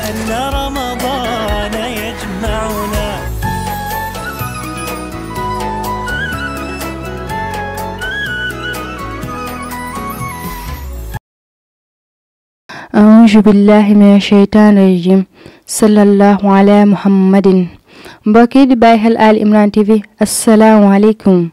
لأن رمضان يجمعنا أعوذ بالله من الشيطان الرجيم صلى الله على محمد mbokk yi di bàyyi xel Ali Imran TV asalaamaaleykum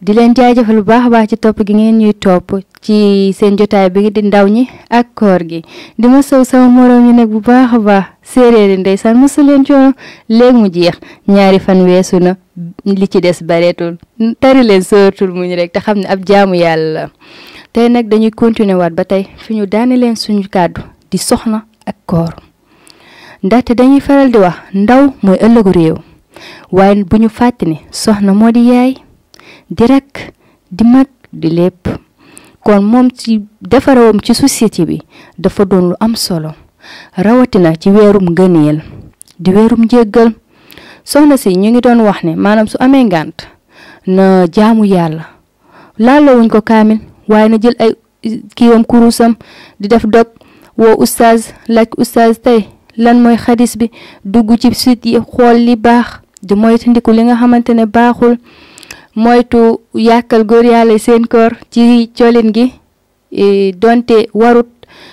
di leen jaajëfal bu baax a baax ci topp gi ngeen ñuy topp ci seen jotaay bi di ndaw ñi ak koor gi di ma sow sama moroom yi nag bu baax a baax séeréer ndey ndeysaan mosu leen coono léegi mu jeex ñaari fan weesu na li ci des bareetul tari leen sóoratul muñ rek te xam ne ab jaamu yàlla la tey nag dañuy continuer waat ba tey fi ñu daane leen suñu kàddu di soxna ak koor ndaxte dañuy faral di wax ndaw mooy ëllëgu réew waaye bu ñu fàtte ni soxna moo di yaay di di mag di lépp kon moom ci defarawam ci société bi dafa doon lu am solo rawatina ci weerum ngëneel di weerum jéggal soxna si ñu ngi doon wax ne maanaam su amee ngànt na jaamu yàlla laalawuñ ko kaamil waaye na jël ay kiiwam kurusam di def dog woo oustaz laaj oustaz tey lan mooy xadis bi dugg ci site yi xool li baax di moytandiku li nga xamante ne baaxul moytu yàkkal góor yàlla seen koor ci colin gi e, donte warut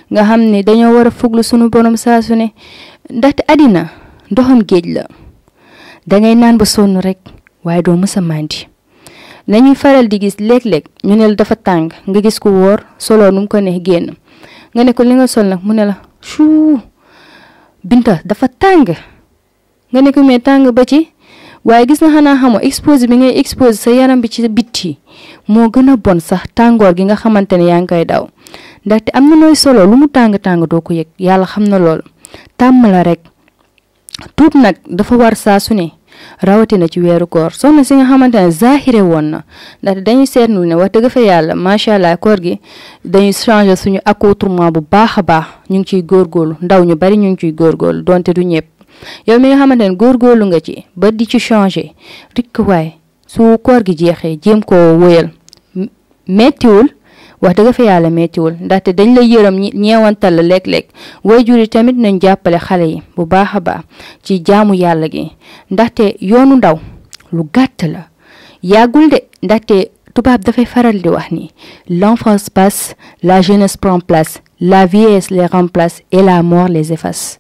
nga xam ne dañoo war a fuglu sunu borom saa sune ne ndaxte àddina ndoxam géej la dangay naan ba sonn rek waaye doo mës a màndi nañuy faral di gis léeg-léeg ñu ne dafa tàng nga gis ku wóor solo nu mu ko neex génn nga ne ko li nga sol nag mu ne la chuu binta dafa tàng nga ne ko tàng ba ci waaye gis na xanaa xamoo expose bi ngay expose sa yaram bi ci bitti moo gën a bon sax tàngoor gi nga xamante ne yaa ngi koy daw ndaxte am na nooy solo lu mu tàng tàng doo ko yëg yàlla xam na lool tàmm la rek tuub nag dafa war saa su ne rawatina ci weeru koor soxna si nga xamante ne zaaxire woon na ndaxte dañuy nu ne wax dëgg fa yàlla macha allah koor gi dañuy changer suñu accoutrement bu baax a baax ñu ngi ciy góorgóorlu ndaw ñu bari ñu ngi ciy góorgóorlu donte du ñëpp. yow mi nga xamante ne góorgóorlu nga ci ba di ci changer rikk waay su koor gi jeexee jéem koo woyal mettiwul wax dëgg fa yàlla mettiwul ndaxte dañ lay yërëm ñeewantal la léeg-léeg waajur yi tamit nañ jàppale xale yi bu baax a baax ci jaamu yàlla gi ndaxte yoonu ndaw lu gàtt la yàggul de tubaab dafay faral di wax ni l'enfance passe la jeunesse prend place la vieillesse les remplace et la mort les efface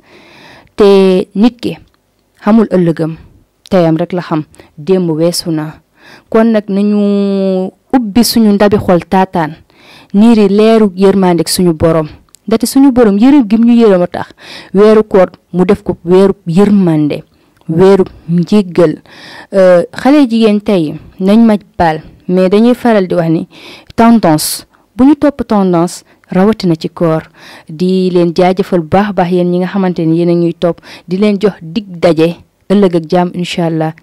te nit ki xamul ëllëgam teyam rek la xam démb weesu na kon nag nañu ubbi suñu ndabi xol taataan niiri leeru yërmandeeg suñu borom ndate suñu borom yërëm gim tax weeru koor mu def ko weeru yërmande weeru njéggal euh, xale jigéen tey nañ ma baal mais dañuy faral di wax tendance bu topp tendance rawatina ci koor di leen jaajëfal baax baax yéen ñi nga xamante ni yéen a ñuy topp di leen jox dig daje ëllëg ak jàmm incha allah